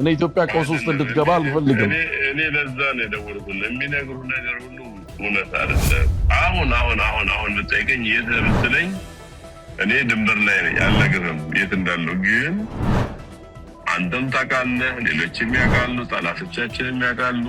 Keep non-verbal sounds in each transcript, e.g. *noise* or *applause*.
እኔ ኢትዮጵያ ቀውስ ውስጥ እንድትገባ አልፈልግም። እኔ ለዛ ነው የደወልኩት። የሚነግሩ ነገር ሁሉ እውነት አይደለም። አሁን አሁን አሁን አሁን ብጠይቀኝ የት ብትለኝ እኔ ድንበር ላይ ነኝ አልነግርህም የት እንዳለው ግን አንተም ታውቃለህ፣ ሌሎችም ያውቃሉ፣ ጠላቶቻችንም ያውቃሉ።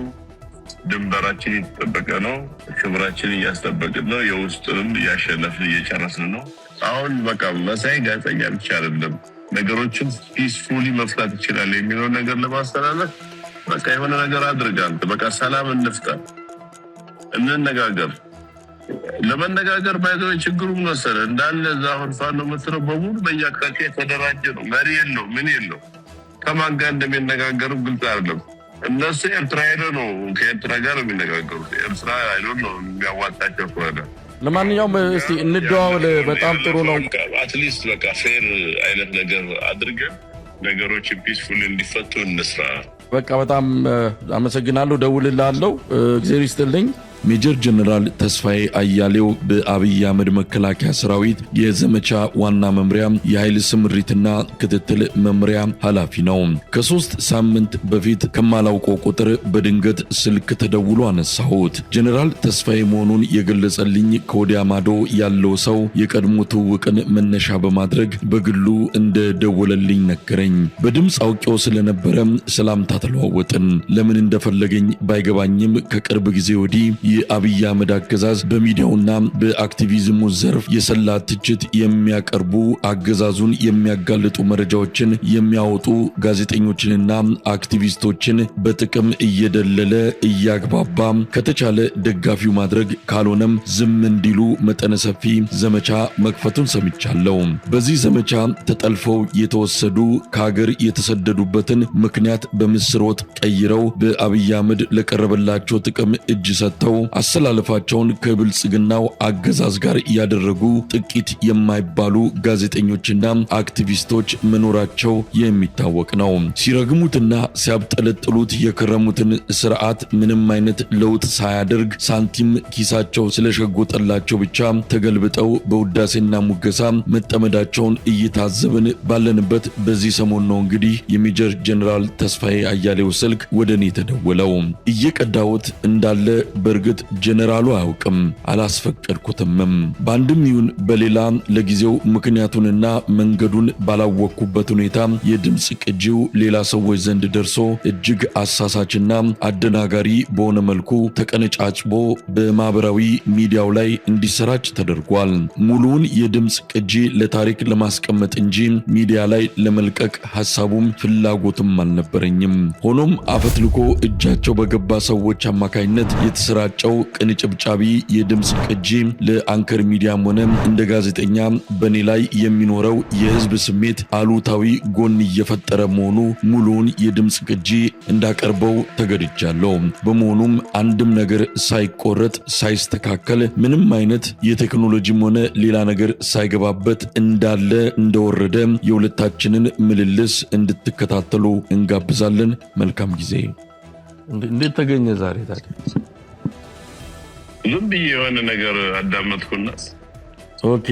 ድንበራችን እየተጠበቀ ነው። ክብራችን እያስጠበቅን ነው። የውስጥንም እያሸነፍን እየጨረስን ነው። አሁን በቃ መሳይ ጋዜጠኛ ብቻ አይደለም። ነገሮችን ፒስፉሊ መፍታት ይችላል የሚለውን ነገር ለማስተላለፍ በቃ የሆነ ነገር አድርጋል። በቃ ሰላም እንፍጠር፣ እንነጋገር። ለመነጋገር ባይዘ ችግሩ መሰለ እንዳለ እዛ አሁን ፋኖ የምትለው በሙሉ በየአቅጣጫ የተደራጀ ነው። መሪ የለው ምን የለው ከማን ጋር እንደሚነጋገርም ግልጽ አይደለም። እነሱ ኤርትራ ሄደ ነው ከኤርትራ ጋር የሚነጋገሩት ኤርትራ አይዶ ነው የሚያዋጣቸው ከሆነ ለማንኛውም እስቲ እንደዋውል፣ በጣም ጥሩ ነው። አትሊስት በቃ ፌር አይነት ነገር አድርገን ነገሮች ፒስፉል እንዲፈቱ እንስራ። በቃ በጣም አመሰግናለሁ። ደውልልሃለሁ። እግዜር ይስጥልኝ። ሜጀር ጀነራል ተስፋዬ አያሌው በአብይ አህመድ መከላከያ ሰራዊት የዘመቻ ዋና መምሪያ የኃይል ስምሪትና ክትትል መምሪያ ኃላፊ ነው። ከሶስት ሳምንት በፊት ከማላውቀው ቁጥር በድንገት ስልክ ተደውሎ አነሳሁት። ጀነራል ተስፋዬ መሆኑን የገለጸልኝ ከወዲያ ማዶ ያለው ሰው የቀድሞ ትውውቅን መነሻ በማድረግ በግሉ እንደደወለልኝ ነገረኝ። በድምፅ አውቄው ስለነበረ ሰላምታ ተለዋወጥን። ለምን እንደፈለገኝ ባይገባኝም ከቅርብ ጊዜ ወዲህ የአብይ አህመድ አገዛዝ በሚዲያውና በአክቲቪዝሙ ዘርፍ የሰላ ትችት የሚያቀርቡ አገዛዙን የሚያጋልጡ መረጃዎችን የሚያወጡ ጋዜጠኞችንና አክቲቪስቶችን በጥቅም እየደለለ እያግባባ ከተቻለ ደጋፊው ማድረግ ካልሆነም ዝም እንዲሉ መጠነ ሰፊ ዘመቻ መክፈቱን ሰምቻለሁ። በዚህ ዘመቻ ተጠልፈው የተወሰዱ ከሀገር የተሰደዱበትን ምክንያት በምስር ወጥ ቀይረው በአብይ አህመድ ለቀረበላቸው ጥቅም እጅ ሰጥተው አሰላለፋቸውን ከብልጽግናው አገዛዝ ጋር ያደረጉ ጥቂት የማይባሉ ጋዜጠኞችና አክቲቪስቶች መኖራቸው የሚታወቅ ነው። ሲረግሙትና ሲያብጠለጥሉት የከረሙትን ስርዓት ምንም አይነት ለውጥ ሳያደርግ ሳንቲም ኪሳቸው ስለሸጎጠላቸው ብቻ ተገልብጠው በውዳሴና ሙገሳ መጠመዳቸውን እየታዘብን ባለንበት በዚህ ሰሞን ነው እንግዲህ የሜጀር ጀኔራል ተስፋዬ አያሌው ስልክ ወደ እኔ ተደወለው። እየቀዳሁት እንዳለ በእርግ በእርግጥ ጀኔራሉ አያውቅም፣ አላስፈቀድኩትምም። በአንድም ይሁን በሌላ ለጊዜው ምክንያቱንና መንገዱን ባላወቅኩበት ሁኔታ የድምፅ ቅጂው ሌላ ሰዎች ዘንድ ደርሶ እጅግ አሳሳችና አደናጋሪ በሆነ መልኩ ተቀነጫጭቦ በማኅበራዊ ሚዲያው ላይ እንዲሰራጭ ተደርጓል። ሙሉውን የድምፅ ቅጂ ለታሪክ ለማስቀመጥ እንጂ ሚዲያ ላይ ለመልቀቅ ሐሳቡም ፍላጎትም አልነበረኝም። ሆኖም አፈትልኮ እጃቸው በገባ ሰዎች አማካኝነት የተሰራጨ የተሰራጨው ቅንጭብጫቢ የድምፅ ቅጂ ለአንከር ሚዲያም ሆነ እንደ ጋዜጠኛ በእኔ ላይ የሚኖረው የህዝብ ስሜት አሉታዊ ጎን እየፈጠረ መሆኑ ሙሉውን የድምፅ ቅጂ እንዳቀርበው ተገድጃለሁ። በመሆኑም አንድም ነገር ሳይቆረጥ ሳይስተካከል፣ ምንም አይነት የቴክኖሎጂም ሆነ ሌላ ነገር ሳይገባበት እንዳለ እንደወረደ የሁለታችንን ምልልስ እንድትከታተሉ እንጋብዛለን። መልካም ጊዜ። እንዴት ተገኘ ዛሬ ታዲያ? ዝም ብዬ የሆነ ነገር አዳመጥኩና ኦኬ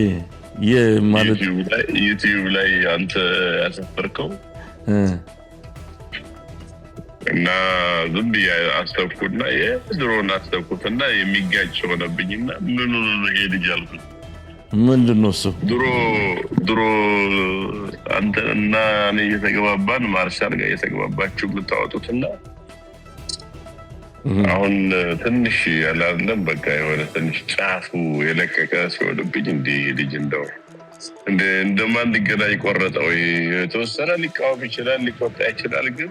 ዩቲዩብ ላይ አንተ ያሰፈርከው እና ዝም ብዬ አሰብኩና የድሮን እና የሚጋጭ ሆነብኝና ምኑ ይሄ ልጅ አልኩኝ። ምንድን ሱ ድሮ ድሮ አንተ እና እኔ እየተግባባን ማርሻል ጋር እየተግባባችሁ ምታወጡትና Mm-hmm. አሁን uh, ትንሽ ያላለም በቃ የሆነ ትንሽ ጫፉ የለቀቀ ሲሆንብኝ እንደ ልጅ እንደው እንደማንገናኝ ቆረጠ ወይ የተወሰነ ሊቃወም ይችላል፣ ሊቆጣ ይችላል። ግን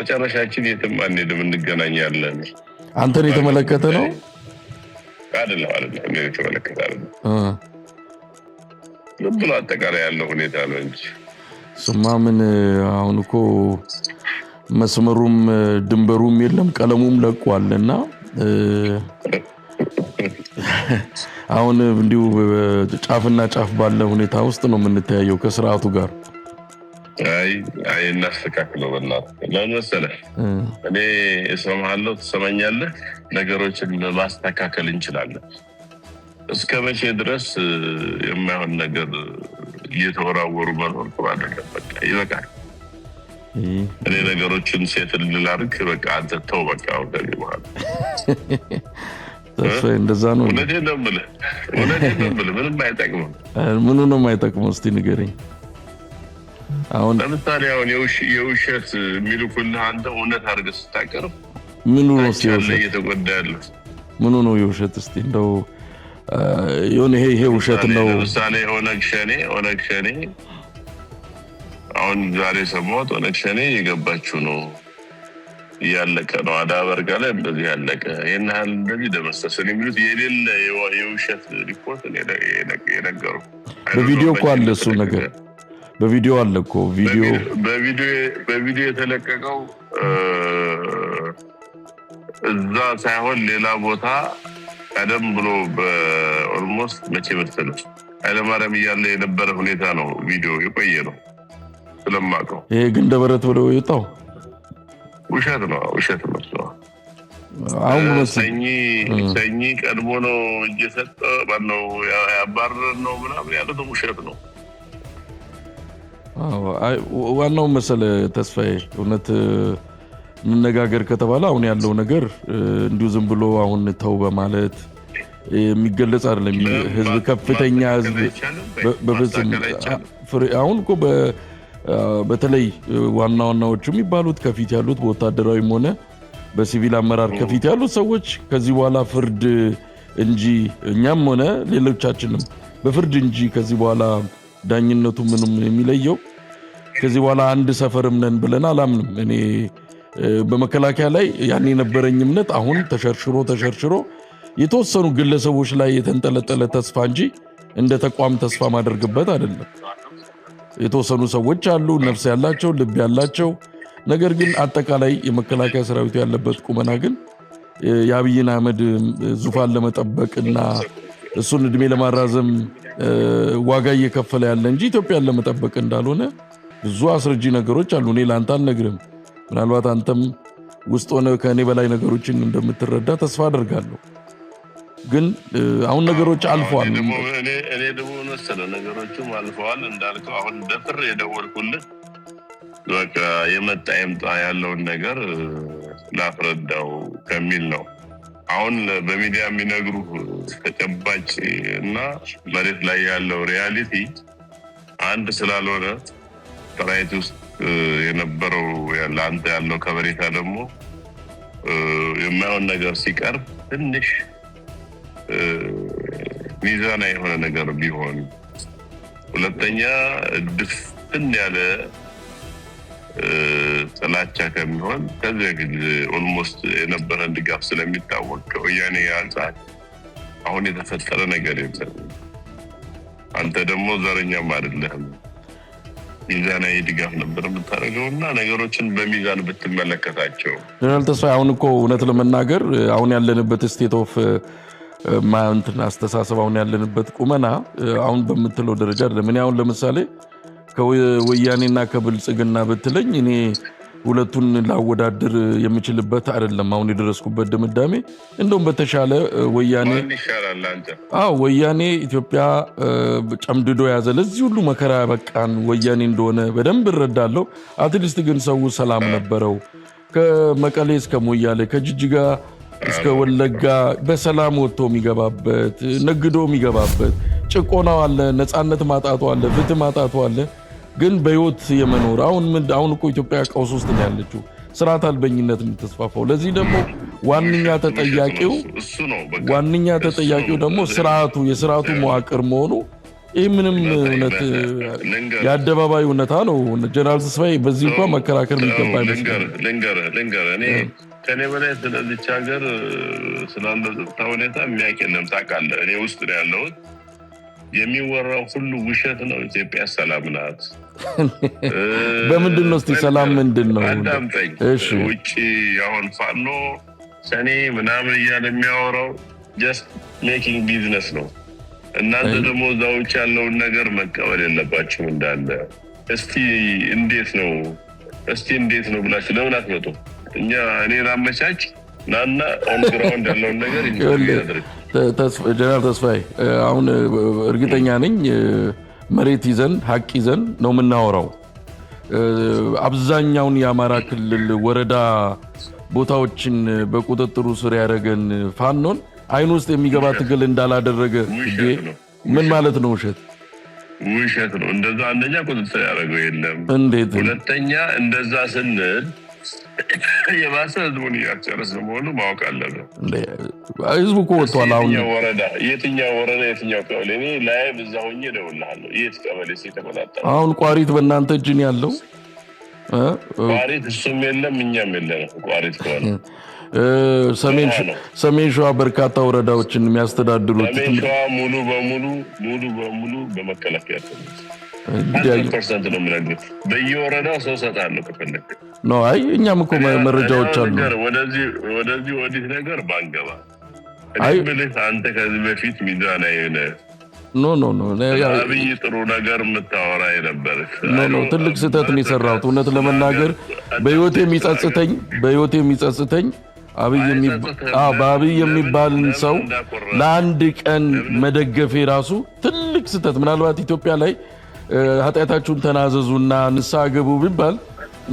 መጨረሻችን የትም አንሄድም፣ እንገናኛለን። አንተን የተመለከተ ነው አይደለም? አይደለም፣ የተመለከተ አይደለም። ብሎ አጠቃላይ ያለው ሁኔታ ነው እንጂ ስማ ምን አሁን እኮ መስመሩም ድንበሩም የለም ቀለሙም ለቋል እና አሁን እንዲሁ ጫፍና ጫፍ ባለ ሁኔታ ውስጥ ነው የምንተያየው ከስርዓቱ ጋር አይ አይ እናስተካክለው በእናትህ ለምን መሰለ እኔ እሰማሃለሁ ትሰማኛለህ ነገሮችን ማስተካከል እንችላለን እስከ መቼ ድረስ የማይሆን ነገር እየተወራወሩ መኖር ባለበት ይበቃል እኔ ነገሮችን ሴት ልላርግ በቃ አንተተው በቃ ሁለ እንደዛ ነው። እውነቴን ነው የምልህ፣ እውነቴን ነው የምልህ። ምንም አይጠቅምም። ምኑ ነው የማይጠቅመው? እስቲ ንገረኝ። አሁን ለምሳሌ አሁን የውሸት የሚልኩልህ አንተ እውነት አድርገህ ስታቀርብ ምኑ ነው እየተጎዳ ምኑ ነው የውሸት? እስቲ እንደው ይሁን ይሄ ይሄ ውሸት ነው። ለምሳሌ ኦነግ ሸኔ ኦነግ ሸኔ አሁን ዛሬ ሰማሁት ኦነግ ሸኔ እየገባችሁ ነው እያለቀ ነው አዳ በርጋ ላይ እንደዚህ ያለቀ ይህን ያህል እንደዚህ ደመሰሰን የሚሉት የሌለ የውሸት ሪፖርት የነገሩ በቪዲዮ እኮ አለ እሱ ነገር በቪዲዮ አለ እኮ በቪዲዮ የተለቀቀው እዛ ሳይሆን ሌላ ቦታ ቀደም ብሎ በኦልሞስት መቼ መሰለች ኃይለማርያም እያለ የነበረ ሁኔታ ነው ቪዲዮ የቆየ ነው ስለማውቀው ይሄ ግንደ በረት ብለው የወጣው ውሸት ነው፣ ውሸት ነው። ሰኚ ቀድሞ ነው እየሰጠ ባለው ያባረረን ነው ምናምን ያሉት ውሸት ነው። ዋናው መሰለ ተስፋዬ እውነት እንነጋገር ከተባለ አሁን ያለው ነገር እንዲሁ ዝም ብሎ አሁን ተው በማለት የሚገለጽ አይደለም። ህዝብ ከፍተኛ ህዝብ በፍጹም አሁን እኮ በተለይ ዋና ዋናዎቹ የሚባሉት ከፊት ያሉት በወታደራዊም ሆነ በሲቪል አመራር ከፊት ያሉት ሰዎች ከዚህ በኋላ ፍርድ እንጂ እኛም ሆነ ሌሎቻችንም በፍርድ እንጂ ከዚህ በኋላ ዳኝነቱ ምንም የሚለየው ከዚህ በኋላ አንድ ሰፈርም ነን ብለን አላምንም። እኔ በመከላከያ ላይ ያን የነበረኝ እምነት አሁን ተሸርሽሮ ተሸርሽሮ የተወሰኑ ግለሰቦች ላይ የተንጠለጠለ ተስፋ እንጂ እንደ ተቋም ተስፋ ማደርግበት አይደለም። የተወሰኑ ሰዎች አሉ፣ ነፍስ ያላቸው ልብ ያላቸው። ነገር ግን አጠቃላይ የመከላከያ ሰራዊቱ ያለበት ቁመና ግን የአብይን አህመድ ዙፋን ለመጠበቅ እና እሱን እድሜ ለማራዘም ዋጋ እየከፈለ ያለ እንጂ ኢትዮጵያን ለመጠበቅ እንዳልሆነ ብዙ አስረጂ ነገሮች አሉ። እኔ ለአንተ አልነግርም። ምናልባት አንተም ውስጥ ሆነ ከእኔ በላይ ነገሮችን እንደምትረዳ ተስፋ አደርጋለሁ። ግን አሁን ነገሮች አልፈዋል። እኔ ደግሞ መሰለ ነገሮችም አልፈዋል እንዳልከው አሁን በፍር የደወልኩልህ በቃ የመጣ የምጣ ያለውን ነገር ላፍረዳው ከሚል ነው። አሁን በሚዲያ የሚነግሩ ተጨባጭ እና መሬት ላይ ያለው ሪያሊቲ አንድ ስላልሆነ ሰራዊት ውስጥ የነበረው ለአንተ ያለው ከበሬታ ደግሞ የማይሆን ነገር ሲቀርብ ትንሽ ሚዛና የሆነ ነገር ቢሆን፣ ሁለተኛ ድፍን ያለ ጥላቻ ከሚሆን ከዚያ ጊዜ ኦልሞስት የነበረን ድጋፍ ስለሚታወቅ ከወያኔ አንጻር አሁን የተፈጠረ ነገር የለም። አንተ ደግሞ ዘረኛም አይደለህም። ሚዛናዊ ድጋፍ ነበር የምታደርገው እና ነገሮችን በሚዛን ብትመለከታቸው ጀነራል ተስፋዬ አሁን እኮ እውነት ለመናገር አሁን ያለንበት ስቴት ኦፍ ማንትን አስተሳሰብ አሁን ያለንበት ቁመና አሁን በምትለው ደረጃ አይደለም። እኔ አሁን ለምሳሌ ከወያኔና ከብልጽግና ብትለኝ እኔ ሁለቱን ላወዳድር የምችልበት አይደለም። አሁን የደረስኩበት ድምዳሜ እንደውም በተሻለ ወያኔ ወያኔ ኢትዮጵያ ጨምድዶ ያዘ ለዚህ ሁሉ መከራ ያበቃን ወያኔ እንደሆነ በደንብ እረዳለሁ። አትሊስት ግን ሰው ሰላም ነበረው ከመቀሌ እስከ ሞያሌ ከጅጅጋ እስከ ወለጋ በሰላም ወጥቶ የሚገባበት ነግዶ የሚገባበት ጭቆናው አለ፣ ነፃነት ማጣቱ አለ፣ ፍትህ ማጣቱ አለ። ግን በህይወት የመኖር አሁን አሁን እኮ ኢትዮጵያ ቀውስ ውስጥ ነው ያለችው። ስርዓት አልበኝነት የምትስፋፋው ለዚህ ደግሞ ዋነኛ ተጠያቂው ዋነኛ ተጠያቂው ደግሞ ስርዓቱ የስርዓቱ መዋቅር መሆኑ ይህ ምንም እውነት የአደባባይ እውነታ ነው። ጀነራል ተስፋዬ በዚህ እንኳን መከራከር የሚገባ ይመስላል። ከኔ በላይ ስለዚች ሀገር ስላለ ጸጥታ ሁኔታ የሚያውቅ የለም። ታውቃለህ፣ እኔ ውስጥ ነው ያለሁት። የሚወራው ሁሉ ውሸት ነው። ኢትዮጵያ ሰላም ናት። *laughs* በምንድን ነው እስኪ ሰላም ምንድን ነው? አዳምጠኝ። ውጭ አሁን ፋኖ ሰኔ ምናምን እያለ የሚያወራው ጀስት ሜኪንግ ቢዝነስ ነው። እናንተ ደግሞ እዛ ውጭ ያለውን ነገር መቀበል የለባችሁም እንዳለ። እስቲ እንዴት ነው እስቲ እንዴት ነው ብላችሁ ለምን አትመጡም? እኛ እኔን አመቻች ናና ኦንግራውንድ ያለውን ነገር ጀነራል ተስፋዬ አሁን እርግጠኛ ነኝ መሬት ይዘን ሀቅ ይዘን ነው የምናወራው። አብዛኛውን የአማራ ክልል ወረዳ ቦታዎችን በቁጥጥሩ ስር ያደረገን ፋኖን አይን ውስጥ የሚገባ ትግል እንዳላደረገ ምን ማለት ነው? ውሸት ውሸት ነው። እንደዛ አንደኛ ቁጥጥር ያደረገው የለም። እንዴት ሁለተኛ እንደዛ ስንል የባሰ ህዝቡን እያስጨረስ መሆኑ ማወቅ አለብን። ህዝቡ እኮ ወጥቷል። አሁን ወረዳ የትኛው ወረዳ የትኛው ቀበሌ? እኔ ላይቭ እዛ ሆኜ እደውልልሃለሁ። የት ቀበሌ የተቆጣጠ አሁን ቋሪት በእናንተ እጅን ያለው ቋሪት፣ እሱም የለም እኛም የለንም። ቋሪት ከሆነ ሰሜን ሸዋ በርካታ ወረዳዎችን የሚያስተዳድሩት ሙሉ በሙሉ ሙሉ በሙሉ በመከላከያ ነው። በየወረዳው ሰው ሰጣለሁ ከፈለግ ነው። አይ እኛም እኮ መረጃዎች አሉ። ወደዚህ ወዲህ ነገር ባንገባ ብልህ አንተ ከዚህ በፊት ሚዛና አይነ ኖ ኖ ኖ አብይ ጥሩ ነገር የምታወራ የነበር ኖ ኖ ትልቅ ስህተት ነው የሰራሁት። እውነት ለመናገር በህይወት የሚጸጽተኝ በህይወት የሚጸጽተኝ በአብይ የሚባልን ሰው ለአንድ ቀን መደገፌ ራሱ ትልቅ ስህተት ምናልባት ኢትዮጵያ ላይ ኃጢአታችሁን ተናዘዙና ንስሐ ገቡ ቢባል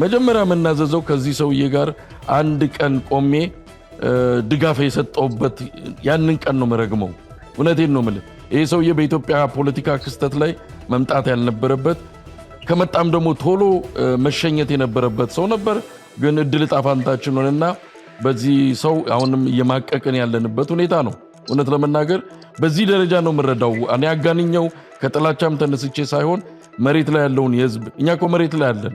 መጀመሪያ የምናዘዘው ከዚህ ሰውዬ ጋር አንድ ቀን ቆሜ ድጋፍ የሰጠውበት ያንን ቀን ነው መረግመው። እውነቴን ነው የምልህ። ይህ ሰውዬ በኢትዮጵያ ፖለቲካ ክስተት ላይ መምጣት ያልነበረበት ከመጣም ደግሞ ቶሎ መሸኘት የነበረበት ሰው ነበር። ግን እድል ጣፋንታችን ሆነና በዚህ ሰው አሁንም እየማቀቅን ያለንበት ሁኔታ ነው። እውነት ለመናገር በዚህ ደረጃ ነው የምረዳው። እኔ ከጥላቻም ተነስቼ ሳይሆን መሬት ላይ ያለውን የህዝብ እኛ እኮ መሬት ላይ አለን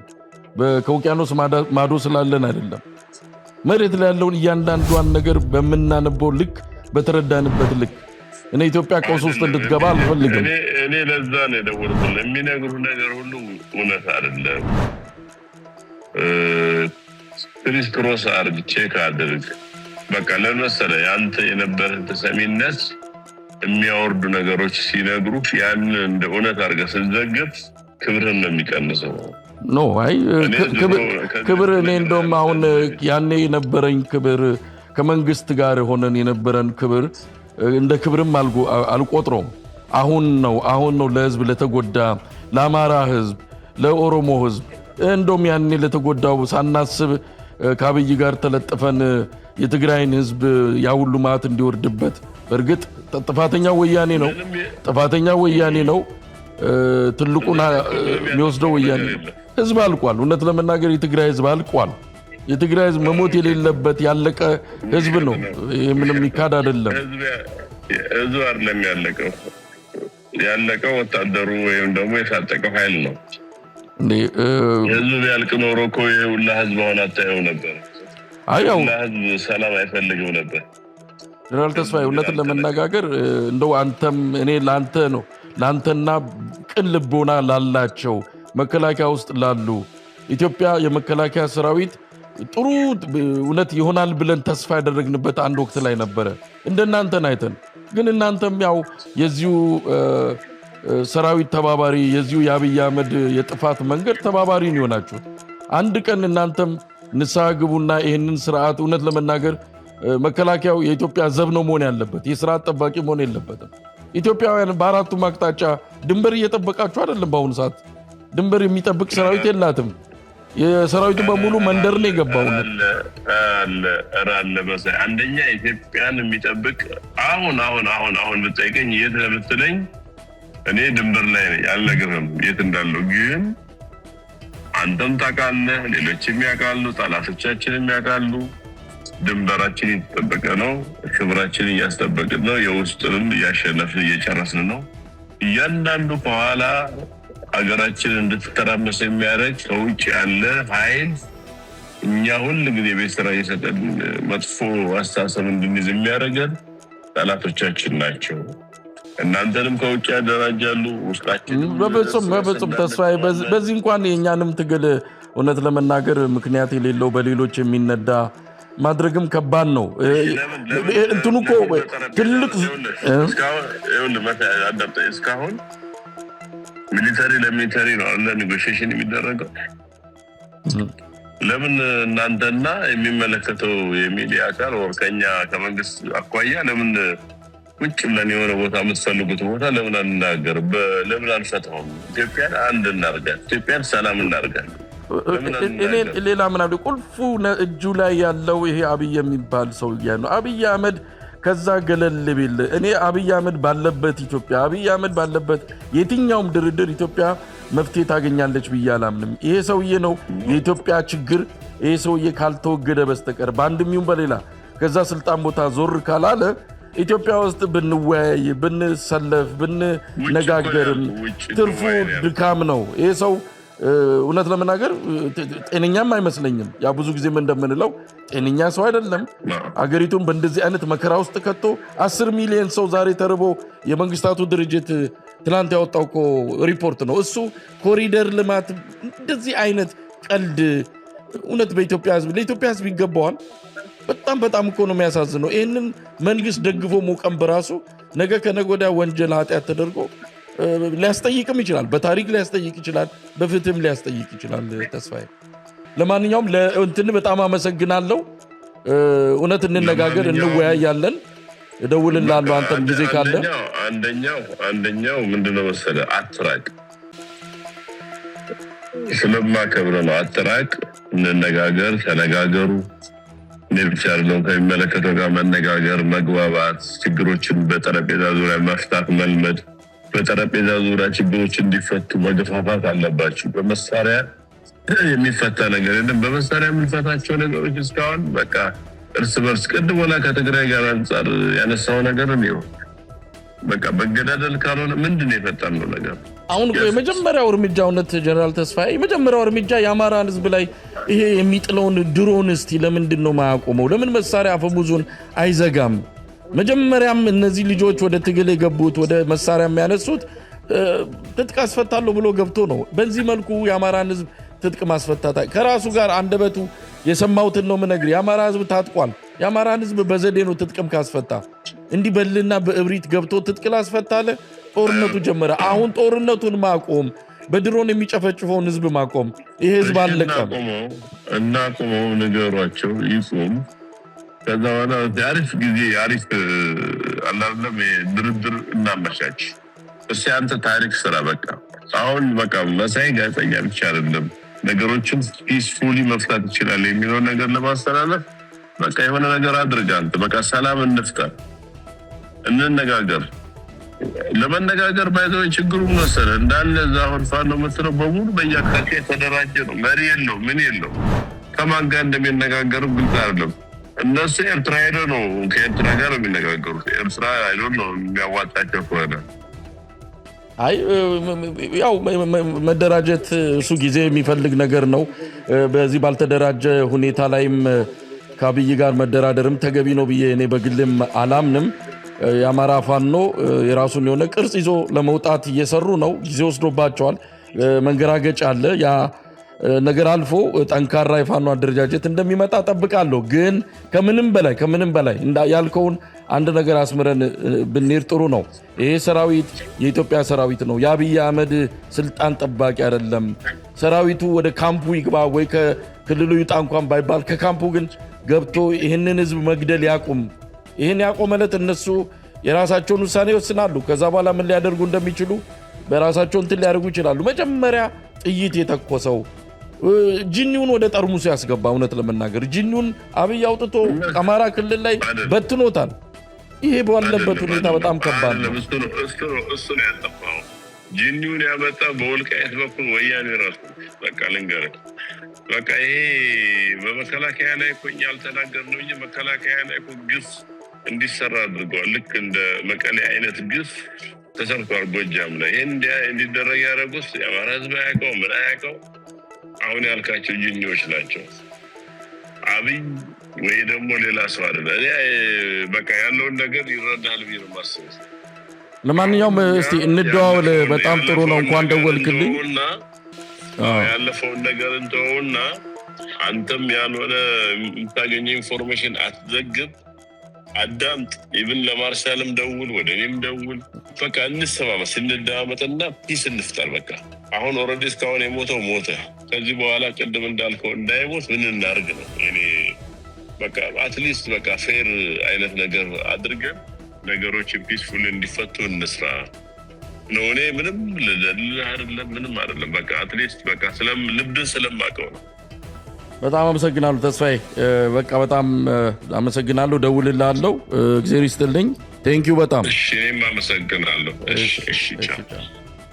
ከውቅያኖስ ማዶ ስላለን አይደለም። መሬት ላይ ያለውን እያንዳንዷን ነገር በምናነበው ልክ በተረዳንበት ልክ እኔ ኢትዮጵያ ቀውስ ውስጥ እንድትገባ አልፈልግም። እኔ ለዛ ነው የደወልኩት። የሚነግሩ ነገር ሁሉ እውነት አይደለም። ክሪስክሮስ ክሮስ አርግ ቼክ አድርግ። በቃ ለመሰለ ያንተ የነበረን ተሰሚነት የሚያወርዱ ነገሮች ሲነግሩ ያንን እንደ እውነት አድርገህ ስትዘግብ ክብርህን ነው የሚቀንሰው። ኖ አይ ክብር እኔ እንደውም አሁን ያኔ የነበረኝ ክብር ከመንግስት ጋር ሆነን የነበረን ክብር እንደ ክብርም አልቆጥረውም። አሁን ነው አሁን ነው ለህዝብ ለተጎዳ ለአማራ ህዝብ ለኦሮሞ ህዝብ እንደውም ያኔ ለተጎዳው ሳናስብ ከአብይ ጋር ተለጥፈን የትግራይን ህዝብ ያሁሉ ማት እንዲወርድበት በእርግጥ ጥፋተኛ ወያኔ ነው፣ ጥፋተኛ ወያኔ ነው። ትልቁን የሚወስደው ወያኔ ነው። ህዝብ አልቋል። እውነት ለመናገር የትግራይ ህዝብ አልቋል። የትግራይ ህዝብ መሞት የሌለበት ያለቀ ህዝብ ነው። ምንም ይካድ አይደለም። ህዝብ አይደለም ያለቀው፣ ያለቀው ወታደሩ ወይም ደግሞ የታጠቀው ኃይል ነው። ህዝብ ያልቅ ኖሮ እኮ የሁላ ህዝብ አሁን አታየው ነበር። አያው ህዝብ ሰላም አይፈልግም ነበር። ጀነራል ተስፋዬ እውነትን ለመነጋገር እንደው አንተም እኔ ለአንተ ነው ለአንተና ቅን ልቦና ላላቸው መከላከያ ውስጥ ላሉ ኢትዮጵያ የመከላከያ ሰራዊት ጥሩ እውነት ይሆናል ብለን ተስፋ ያደረግንበት አንድ ወቅት ላይ ነበረ። እንደናንተን አይተን ግን እናንተም ያው የዚሁ ሰራዊት ተባባሪ የዚሁ የአብይ አህመድ የጥፋት መንገድ ተባባሪ ነው አንድ ቀን እናንተም ንስሐ ግቡና ይህንን ስርዓት እውነት ለመናገር መከላከያው የኢትዮጵያ ዘብ ነው መሆን ያለበት፣ የስርዓት ጠባቂ መሆን የለበትም። ኢትዮጵያውያን በአራቱም አቅጣጫ ድንበር እየጠበቃችሁ አይደለም በአሁኑ ሰዓት ድንበር የሚጠብቅ ሰራዊት የላትም። የሰራዊቱ በሙሉ መንደር ነው የገባው። አለ መሳይ አንደኛ ኢትዮጵያን የሚጠብቅ አሁን አሁን አሁን አሁን ብትጠይቀኝ የት ለምትለኝ እኔ ድንበር ላይ ነኝ አልነግርህም የት እንዳለው ግን አንተም ታውቃለህ፣ ሌሎችም ያውቃሉ፣ ጠላቶቻችንም ያውቃሉ። ድንበራችን እየተጠበቀ ነው። ክብራችን እያስጠበቅን ነው። የውስጥንም እያሸነፍን እየጨረስን ነው። እያንዳንዱ በኋላ ሀገራችን እንድትተራመስ የሚያደርግ ከውጭ ያለ ኃይል እኛ ሁል ጊዜ ቤት ስራ እየሰጠን መጥፎ አስተሳሰብ እንድንይዝ የሚያደርገን ጠላቶቻችን ናቸው። እናንተንም ከውጭ ያደራጃሉ ውስጣችን በፍጹም በፍጹም በዚህ እንኳን የእኛንም ትግል እውነት ለመናገር ምክንያት የሌለው በሌሎች የሚነዳ ማድረግም ከባድ ነው። እንትኑ እኮ ትልቅ እስካሁን ሚሊተሪ ለሚሊተሪ ነው አለ ኔጎሽሽን የሚደረገው። ለምን እናንተና የሚመለከተው የሚዲያ አካል ወርከኛ ከመንግስት አኳያ ለምን ውጭ ብለን የሆነ ቦታ የምትፈልጉት ቦታ ለምን አንናገር? ለምን አንፈጥረውም? ኢትዮጵያን አንድ እናርጋል። ኢትዮጵያን ሰላም እናርጋል። ሌላ ምናምን ቁልፉ እጁ ላይ ያለው ይሄ አብይ የሚባል ሰው ነው። አብይ አህመድ ከዛ ገለል ቢል እኔ አብይ አህመድ ባለበት ኢትዮጵያ አብይ አህመድ ባለበት የትኛውም ድርድር ኢትዮጵያ መፍትሄ ታገኛለች ብዬ አላምንም። ይሄ ሰውዬ ነው የኢትዮጵያ ችግር። ይሄ ሰውዬ ካልተወገደ በስተቀር በአንድም ይሁን በሌላ ከዛ ስልጣን ቦታ ዞር ካላለ ኢትዮጵያ ውስጥ ብንወያይ፣ ብንሰለፍ፣ ብንነጋገርም ትርፉ ድካም ነው። ይሄ ሰው እውነት ለመናገር ጤነኛም አይመስለኝም። ያ ብዙ ጊዜም እንደምንለው ጤነኛ ሰው አይደለም። አገሪቱን በእንደዚህ አይነት መከራ ውስጥ ከቶ አስር ሚሊዮን ሰው ዛሬ ተርቦ የመንግስታቱ ድርጅት ትናንት ያወጣው እኮ ሪፖርት ነው እሱ። ኮሪደር ልማት እንደዚህ አይነት ቀልድ እውነት በኢትዮጵያ ህዝብ ለኢትዮጵያ ህዝብ ይገባዋል። በጣም በጣም እኮ ነው የሚያሳዝነው። ይህንን መንግስት ደግፎ መውቀም በራሱ ነገ ከነገ ወዲያ ወንጀል ኃጢአት ተደርጎ ሊያስጠይቅም ይችላል። በታሪክ ሊያስጠይቅ ይችላል። በፍትህም ሊያስጠይቅ ይችላል። ተስፋዬ ለማንኛውም ለእንትን በጣም አመሰግናለሁ። እውነት እንነጋገር፣ እንወያያለን። እደውልልሃለሁ አንተም ጊዜ ካለ። አንደኛው አንደኛው ምንድነው መሰለህ አትራቅ፣ ስለማከብረ ነው። አትራቅ፣ እንነጋገር፣ ተነጋገሩ። እኔ ብቻ አይደለም ከሚመለከተው ጋር መነጋገር፣ መግባባት፣ ችግሮችን በጠረጴዛ ዙሪያ መፍታት መልመድ በጠረጴዛ ዙሪያ ችግሮች እንዲፈቱ መገፋፋት አለባቸው። በመሳሪያ የሚፈታ ነገር የለም። በመሳሪያ የምንፈታቸው ነገሮች እስካሁን በቃ እርስ በርስ ቅድ ወላ ከትግራይ ጋር አንጻር ያነሳው ነገር ነው። በቃ መገዳደል ካልሆነ ምንድን የፈጠር ነው ነገር አሁን የመጀመሪያው እርምጃ እውነት ጀነራል ተስፋዬ የመጀመሪያው እርምጃ የአማራን ህዝብ ላይ ይሄ የሚጥለውን ድሮን እስቲ ለምንድን ነው ማያቆመው? ለምን መሳሪያ አፈሙዙን አይዘጋም? መጀመሪያም እነዚህ ልጆች ወደ ትግል የገቡት ወደ መሳሪያ የሚያነሱት ትጥቅ አስፈታለሁ ብሎ ገብቶ ነው። በዚህ መልኩ የአማራን ህዝብ ትጥቅ ማስፈታታ ከራሱ ጋር አንደበቱ የሰማሁትን ነው ምነግር። የአማራ ህዝብ ታጥቋል። የአማራን ህዝብ በዘዴ ነው ትጥቅም ካስፈታ። እንዲህ በልና በእብሪት ገብቶ ትጥቅ ላስፈታለ ጦርነቱ ጀመረ። አሁን ጦርነቱን ማቆም በድሮን የሚጨፈጭፈውን ህዝብ ማቆም ይሄ ህዝብ አለቀም። እናቁመው፣ ንገሯቸው ይቁም። ከዛ በኋላ አሪፍ ጊዜ አሪፍ አላለም ድርድር እናመቻች። እስኪ አንተ ታሪክ ስራ በቃ አሁን በቃ መሳይ ጋዜጠኛ ብቻ አይደለም ነገሮችን ፒስፉሊ መፍታት ይችላል የሚለውን ነገር ለማስተላለፍ በቃ የሆነ ነገር አድርግ። አንተ በቃ ሰላም እንፍጠር፣ እንነጋገር። ለመነጋገር ባይዘ ችግሩ መሰለ እንዳለ እዛ አሁን ፋኖ የምትለው በሙሉ በየአቅጣጫ የተደራጀ ነው። መሪ የለው ምን የለው ከማን ጋር እንደሚነጋገርም ግልጽ አይደለም። እነሱ ኤርትራ ሄደ ነው ከኤርትራ ጋር ነው የሚነጋገሩት። ኤርትራ አይዶ ነው የሚያዋጣቸው ከሆነ አይ ያው መደራጀት እሱ ጊዜ የሚፈልግ ነገር ነው። በዚህ ባልተደራጀ ሁኔታ ላይም ከአብይ ጋር መደራደርም ተገቢ ነው ብዬ እኔ በግልም አላምንም። የአማራ ፋኖ የራሱን የሆነ ቅርጽ ይዞ ለመውጣት እየሰሩ ነው። ጊዜ ወስዶባቸዋል። መንገራገጭ አለ ያ ነገር አልፎ ጠንካራ የፋኖ አደረጃጀት እንደሚመጣ ጠብቃለሁ። ግን ከምንም በላይ ከምንም በላይ ያልከውን አንድ ነገር አስምረን ብንሄድ ጥሩ ነው። ይሄ ሰራዊት የኢትዮጵያ ሰራዊት ነው። የአብይ አህመድ ስልጣን ጠባቂ አይደለም። ሰራዊቱ ወደ ካምፑ ይግባ ወይ ከክልሉ ይውጣ እንኳን ባይባል ከካምፑ ግን ገብቶ ይህንን ህዝብ መግደል ያቁም። ይህን ያቆመለት እነሱ የራሳቸውን ውሳኔ ይወስናሉ። ከዛ በኋላ ምን ሊያደርጉ እንደሚችሉ በራሳቸው እንትን ሊያደርጉ ይችላሉ። መጀመሪያ ጥይት የተኮሰው ጅኒውን ወደ ጠርሙስ ያስገባ። እውነት ለመናገር ጅኒውን አብይ አውጥቶ አማራ ክልል ላይ በትኖታል። ይሄ ባለበት ሁኔታ በጣም ከባድ ነው። እሱን ያጠፋው ጅኒውን ያመጣ በኩል ወያኔ ራሱ በቃ ልንገርህ፣ በቃ ይሄ በመከላከያ ላይ እኮ እኛ ነው እንጂ መከላከያ ላይ እኮ ግፍ እንዲሰራ አድርገዋል። ልክ እንደ መቀሌ አይነት ግፍ ተሰርቷል ጎጃም ላይ። ይህን እንዲደረግ ያደረጉት የአማራ ህዝብ አያውቀው ምን አያውቀው አሁን ያልካቸው ጅኒዎች ናቸው። አብይ ወይ ደግሞ ሌላ ሰው አለ። እኔ በቃ ያለውን ነገር ይረዳል ብዬ ነው ለማንኛውም እስቲ እንደዋወል። በጣም ጥሩ ነው። እንኳን ደወልክልኝ። ያለፈውን ነገር እንተውና አንተም ያልሆነ የምታገኘ ኢንፎርሜሽን አትዘግብ። አዳምጥ። ኢብን ለማርሻልም ደውል፣ ወደ እኔም ደውል። በቃ እንሰማመት ስንደማመጥና ፒስ እንፍጠር። በቃ አሁን ኦልሬዲ እስካሁን የሞተው ሞተ። ከዚህ በኋላ ቅድም እንዳልከው እንዳይሞት ምን እናርግ ነው እኔ በቃ አትሊስት በቃ ፌር አይነት ነገር አድርገን ነገሮችን ፒስፉል እንዲፈቱ እንስራ ነው። እኔ ምንም ልደልህ አይደለም ምንም አይደለም። በቃ አትሊስት በቃ ልብድን ስለማውቀው ነው። በጣም አመሰግናለሁ ተስፋዬ። በቃ በጣም አመሰግናለሁ። ደውልልሃለሁ። እግዜር ይስጥልኝ። ቴንኪው በጣም እኔም አመሰግናለሁ። እሺ ቻ